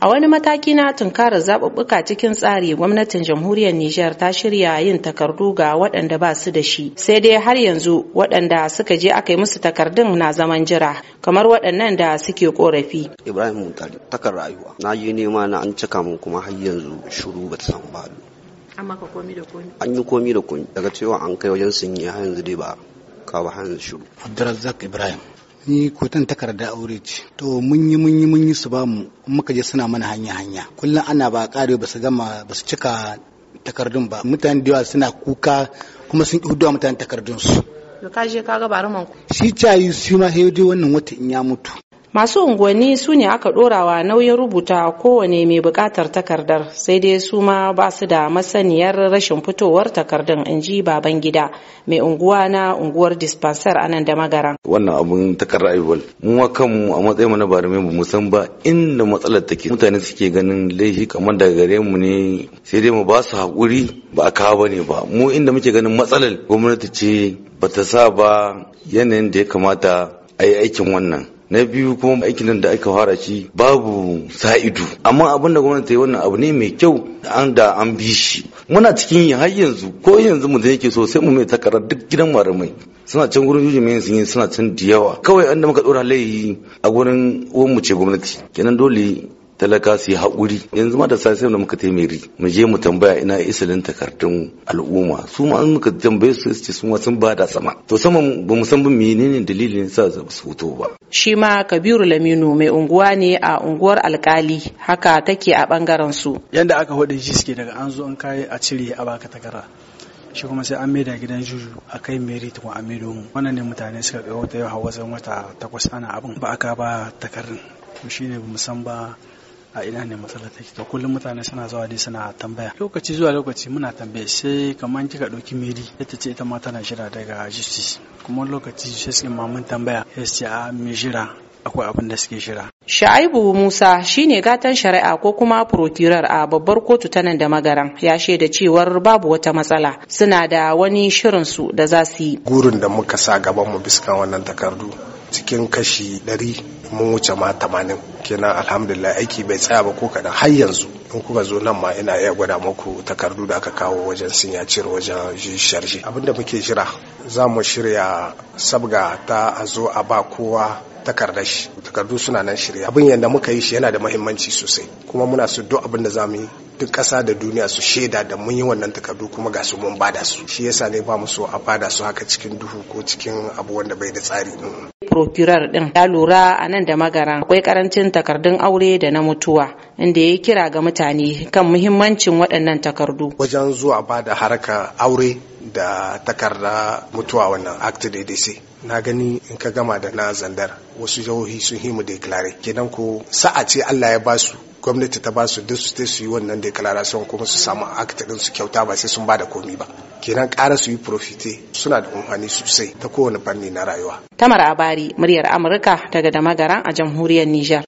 A wani mataki na tunkarar zaɓuɓɓuka cikin tsari gwamnatin jamhuriyar Nijar ta shirya yin takardu ga waɗanda ba su da shi. Sai dai har yanzu waɗanda suka je aka yi musu takardun na zaman jira kamar waɗannan da suke korafi. Ibrahim Muntari takar rayuwa. Na yi nema na an cika mun kuma har yanzu shuru ba ta samu ba. An ka komi da komi. An yi komi da komi daga cewa an kai wajen sun yi har yanzu dai ba ba har yanzu shuru. Abdulrazak Ibrahim. ni kotan takarda aure ce to mun yi mun yi mun yi su ba mu muka je suna mana hanya hanya kullum ana ba kare ba su gama ba su cika takardun ba mutane da yawa suna kuka kuma sun hudu mutane takardun su ka je ka ga ku shi cayi shi ma sai wannan wata in ya mutu masu unguwanni su ne aka ɗorawa nauyin rubuta kowane mai buƙatar takardar sai dai su ma ba su da masaniyar rashin fitowar takardun in ji baban gida mai unguwa na unguwar dispensar anan da magaran wannan abun takarda bal. mu wa kanmu a matsayin mu na bari mu san ba inda matsalar take mutane suke ganin laifi kamar daga gare mu ne sai dai mu ba su haƙuri ba a kawo bane ba mu inda muke ganin matsalar gwamnati ce ba ta sa ba yanayin da ya kamata a yi aikin wannan na biyu kuma aikin da aka fara shi babu sa'idu amma abin da gwamnati yi wannan abu ne mai kyau an da an bi shi muna cikin yi har yanzu ko yanzu mu yake so sai mu mai takarar duk gidan maramai suna can gurin yuji mai sun suna can da yawa kawai an da muka dora layi a gurin uwan mu ce gwamnati kenan dole talaka su yi haƙuri yanzu ma da sasiyar sai muka taimiri mu je mu tambaya ina isalin takardun al'umma su ma an muka tambaye su su ma sun ba da sama to sama ba mu san menene dalilin sa su fito ba shi ma kabiru laminu mai unguwa ne a unguwar alkali haka take a bangaren su yanda aka hode shi suke daga an zo an kai a cire a baka takara shi kuma sai an maida gidan juju a kai meri tukun a maido mu wannan ne mutane suka ga wata yau hawa wata takwas ana abin ba aka ba takarin to shine ba mu a ina ne matsalar take to kullum mutane suna zuwa dai suna tambaya lokaci zuwa lokaci muna tambaya sai kamar kika dauki miri ita ce ita ma tana shira daga justice kuma lokaci sai ma mun tambaya sai a mai jira akwai abin da suke shira shaibu Musa shine gatan shari'a ko kuma prokirar a babbar kotu ta nan da magaran ya da cewar babu wata matsala suna da wani shirin su da za su yi. Gurin da muka sa gaban mu bisa wannan takardu cikin kashi 100 mun wuce ma 80 kenan alhamdulillah aiki bai tsaya ba ko kaɗan har yanzu in kuka zo nan ma ina iya gwada muku takardu da aka kawo wajen cire wajen sharshi abinda muke jira za mu shirya sabga ta a zo a ba kowa takardar shi takardu suna nan shirya abin yadda muka yi shi yana da mahimmanci sosai kuma muna su duk abin da za mu yi duk ƙasa da duniya su shaida da mun yi wannan takardu kuma ga su mun bada su shi yasa ne ba mu so a bada su haka cikin duhu ko cikin abu wanda bai da tsari procurer din ya lura a nan da magaran akwai karancin takardun aure da na mutuwa inda ya kira ga mutane kan muhimmancin waɗannan takardu wajen zuwa ba da harka aure da takarda mutuwa wannan act ddc na gani in ka gama da na zandar wasu jihohi sun himu declare kenan ko sa'a ce allah ya basu gwamnati ta basu duk su su yi wannan declaration kuma su samu act din su kyauta ba sai sun ba da komi ba kenan ƙara su yi profite suna da umfani sosai ta kowane fanni na rayuwa tamar abari muryar amurka daga damagaran a jamhuriyar niger